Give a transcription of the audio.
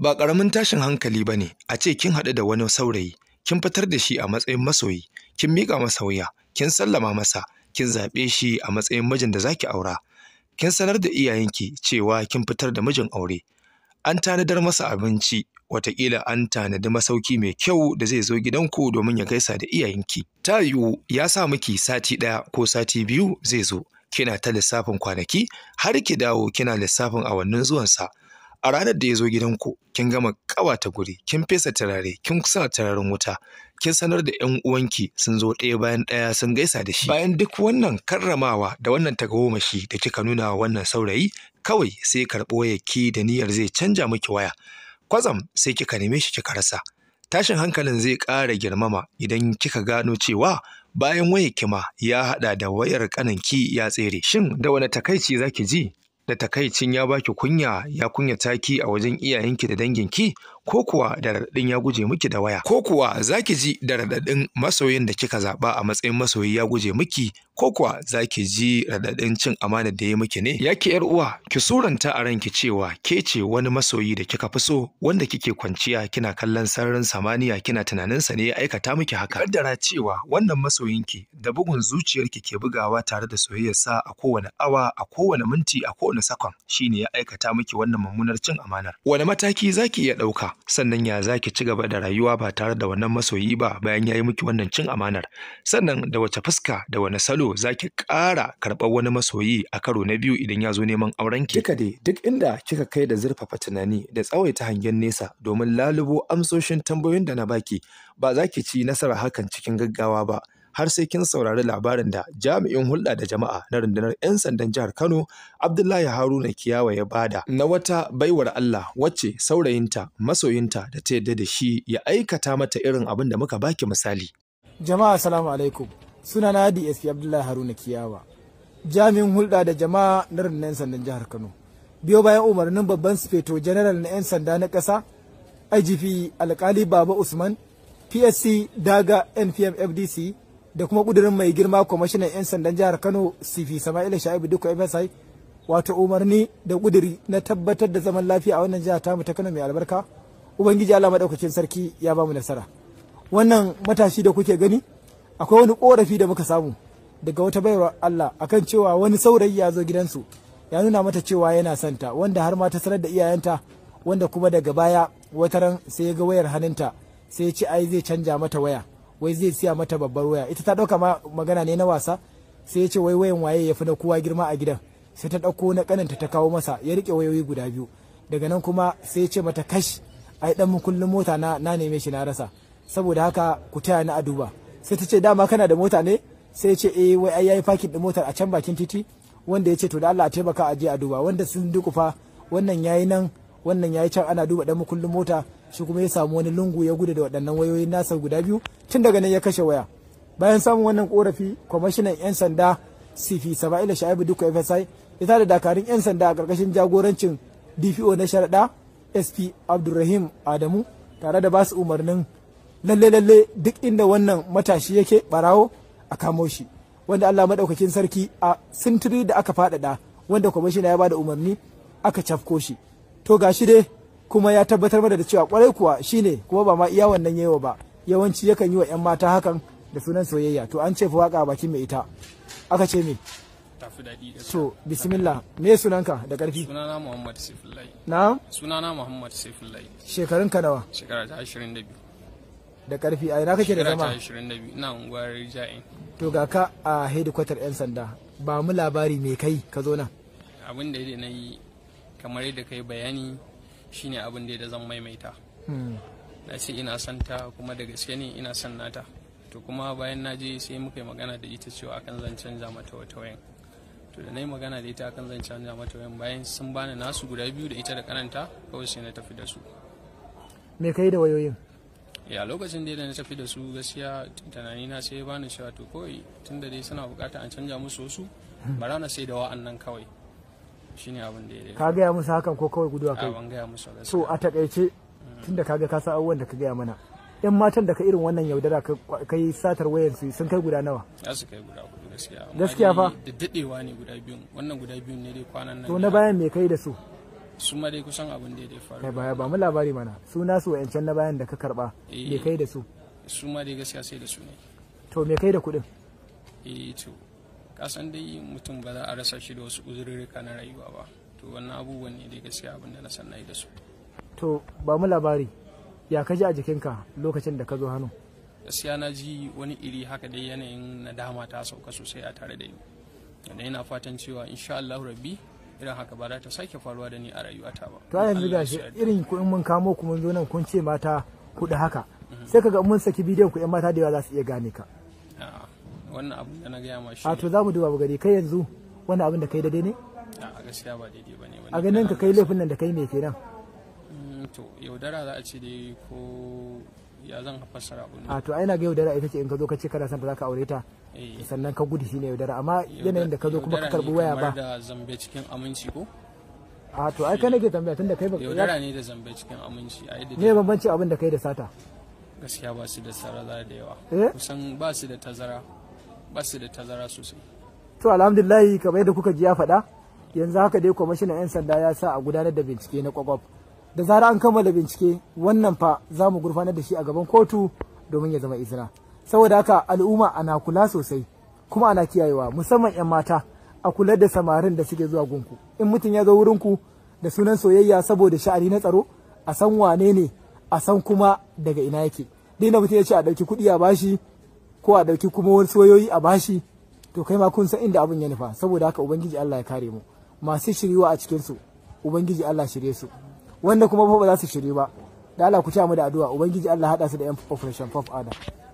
Ba ƙaramin tashin hankali ba ne a ce kin haɗu da wani saurayi, kin fitar da shi a matsayin masoyi, kin mika masa wuya, kin sallama masa, kin zaɓe shi a matsayin mijin da zaki aura. Kin sanar da iyayenki cewa kin fitar da mijin aure. An tanadar masa abinci, wataƙila an tanadi masauki mai kyau da zai zo gidanku domin ya gaisa da iyayenki. Ta yiwu ya sa miki sati ɗaya ko sati biyu zai zo, kina ta lissafin kwanaki har ki dawo kina lissafin awannin zuwansa. a ranar da ya zo gidanku kin gama ƙawata guri kin fesa turare kin sa turaren wuta kin sanar da 'yan uwanki sun zo ɗaya bayan ɗaya sun gaisa da shi bayan duk wannan karramawa da wannan tagawomashi da kika nuna wa wannan saurayi kawai sai karɓo yaki da niyyar zai canja miki waya kwazam sai kika neme shi kika rasa tashin hankalin zai ƙara girmama idan kika gano cewa bayan wayar kima ya haɗa da wayar ƙananki ya tsere shin da wani takaici zaki ji da takaicin ya baki kunya ya kunya taki a wajen iyayenki da danginki ko kuwa da raɗaɗin ya guje miki da waya ko kuwa zaki ji da raɗaɗin masoyin da kika zaɓa a matsayin masoyi ya guje miki ko kuwa za ki ji raɗaɗin cin amanar da ya miki ne ya ki uwa ki suranta a ranki cewa ke ce wani masoyi da kika fi so wanda kike kwanciya kina kallon sararin samaniya kina tunaninsa ne ya aikata miki haka kaddara cewa wannan masoyinki da bugun zuciyarki ke bugawa tare da soyayyarsa a kowane awa a kowane minti a kowane sakon shine ya aikata miki wannan mummunar cin amanar wani mataki za ki iya ɗauka sannan ya za ki ci gaba da rayuwa ba tare da wannan masoyi ba bayan ya yi miki wannan cin amanar sannan da wace fuska da wani salo za ki ƙara karɓar wani masoyi a karo na biyu idan ya zo neman aurenki. Kika dai duk inda kika kai da zurfafa tunani da tsawaita hangen nesa domin lalubo amsoshin tambayoyin da na baki ba za ki ci nasara hakan cikin gaggawa ba. har sai kin saurari labarin da jami'in hulɗa da jama'a na rundunar 'yan sandan jihar Kano Abdullahi Haruna Kiyawa ya bada na wata baiwar Allah wacce saurayinta masoyinta da ta yadda da shi ya aikata mata irin abin da muka baki misali. Jama'a salamu alaikum. suna na SP Abdullahi Haruna Kiyawa jami'in hulɗa da jama'a na rundunar sandan jihar Kano biyo bayan umarnin babban sufeto general na 'yan sanda na ƙasa IGP alƙali Baba Usman PSC Daga NPM FDC da kuma ƙudurin mai girma kwamishinan 'yan sandan jihar Kano CP Sama'ila Sha'ibu duka FSI wato umarni da ƙuduri na tabbatar da zaman lafiya a wannan jihar tamu ta Kano mai albarka Ubangiji Allah maɗaukakin sarki ya ba mu nasara. Wannan matashi da kuke gani akwai wani korafi da muka samu daga wata bayar Allah akan cewa wani saurayi ya zo gidansu ya nuna mata cewa yana santa wanda har ma ta sanar da iyayenta wanda kuma daga baya wata ran sai ya ga wayar hannunta sai ya ce ai zai canja mata waya wai zai siya mata babbar waya ita ta ɗauka ma magana ne na wasa sai ya ce wai wayan waye ya fi na kowa girma a gidan sai ta ɗauko na kananta ta kawo masa ya rike wayoyi guda biyu daga nan kuma sai ya ce mata kash ai ɗan kullum mota na na neme shi na rasa saboda haka ku taya ni a duba sai ta ce dama kana da mota ne sai ce eh wai ai yayi parking din motar a can bakin titi wanda ya ce to da Allah a taimaka a je a duba wanda sun fa wannan yayi nan wannan yayi can ana duba dan makullin mota shi kuma ya samu wani lungu ya gudu da waɗannan wayoyin nasa guda biyu tun daga nan ya kashe waya bayan samun wannan korafi kwamishinan 'yan sanda cp saba'ila sha'ibu duka fsi ita da dakarun 'yan sanda a ƙarƙashin jagorancin dpo na sharaɗa sp abdulrahim adamu tare da basu umarnin lalle lalle duk inda wannan matashi yake barawo a kamo shi wanda Allah madaukakin sarki a sintiri da aka faɗaɗa wanda kwamishina ya bada umarni aka cafko shi to gashi dai kuma ya tabbatar mana da cewa kwarai kuwa shine kuma ba ma iya wannan yawa ba yawanci yakan yi wa 'yan mata hakan da sunan soyayya to an ce fa waka baki mai ita aka ce me to bismillah me sunanka da karfi sunana muhammad saifullahi na sunana muhammad saifullahi shekarun ka nawa shekara ta 22 da karfi a ina kake da zama to ga ka a hedikwatar yan sanda ba mu labari mai kai ka zo nan abin da na yi kamar yadda kai bayani shine abin da zan maimaita hmm. na ce ina santa kuma da gaske ne ina san nata to kuma bayan na je sai muka yi magana da ita cewa akan zan canza mata wata wayan to da na yi magana da ita akan zan canza mata wayan bayan sun bani nasu guda biyu da ita da kananta kawai sai na tafi da su me kai da wayoyin ya lokacin da na tafi da su gaskiya tunani na sai bani cewa to kawai tunda dai suna bukata an canja musu wasu bara na sai da wa'annan kawai shine abin da ya ka gaya musu hakan ko kawai guduwa kai ban gaya musu gaskiya so a takaice tunda kaga ka sa abubuwan da ka gaya mana yan matan da ka irin wannan yaudara kai satar wayar su sun kai guda nawa za su kai guda gaskiya gaskiya fa da dadewa ne guda biyun wannan guda biyun ne dai kwanan nan to na bayan me kai da su su ma dai kusan abin da ya faru kai baya ba mu labari mana su nasu wayancan na bayan da ka karba me eh, kai da su su ma dai gaskiya sai da su ne to me kai da kuɗin eh to kasan dai mutum ba za a rasa shi da wasu uzurirka na rayuwa ba to wannan abubuwan ne dai gaskiya abin da na san nayi da su to ba mu labari ya ka ji a jikinka lokacin da ka zo hannu gaskiya na ji wani iri haka dai yanayin nadama ta sauka sosai a tare da ni da ina fatan cewa insha Allah rabbi irin haka ba za ta sake faruwa da ni a rayuwata ba to yanzu ga shi irin kuɗin mun kamo ku mun zo nan kun ce mata kuɗi haka mhm. sai kaga mun saki bidiyon ku yan mata da yawa za su iya gane ka wannan abu da na gaya ma shi a to za mu duba gari kai yanzu wannan abin da kai daidai ne a gaskiya ba daidai ba ne a ganin ka kai laifin nan da kai me kenan mm, to yaudara za a ce dai ko ya zan fassara abun a to aina ga yaudara ita ce in ka zo ka ce kana son ba za ka aure ta eh. sannan ka gudu shine yaudara amma yanayin da ka zo kuma ka karbi waya ba Yaudara ne da zambe cikin aminci ko a to ai kai nake tambaya tunda kai ba yaudara ne da zambe cikin aminci a yadda ne bambanci abin da kai da sata gaskiya ba su da tsara za da yawa eh? kusan ba su da tazara ba su da tazara sosai to alhamdulillah kamar yadda kuka ji ya faɗa yanzu haka dai kwamishinan 'yan sanda ya sa a gudanar da bincike na kwakwaf da zara an kammala bincike wannan fa za mu gurfanar da shi a gaban kotu domin ya zama izina saboda haka al'umma ana kula sosai kuma ana kiyayewa musamman 'yan mata a kula da samarin da suke zuwa gunku in mutum ya zo wurinku da sunan soyayya saboda sha'ani na tsaro a san wane ne a san kuma daga ina yake Dina na mutum ya ce a ɗauki kuɗi a bashi ko a ɗauki kuma wani soyoyi a bashi to kai ma kun san inda abin ya nufa saboda haka ubangiji Allah ya kare mu masu shiriwa a cikinsu ubangiji Allah shirye su wanda kuma ba za su shiri ba da Allah ku ci mu da addu'a ubangiji Allah hada su da yan operation pop adam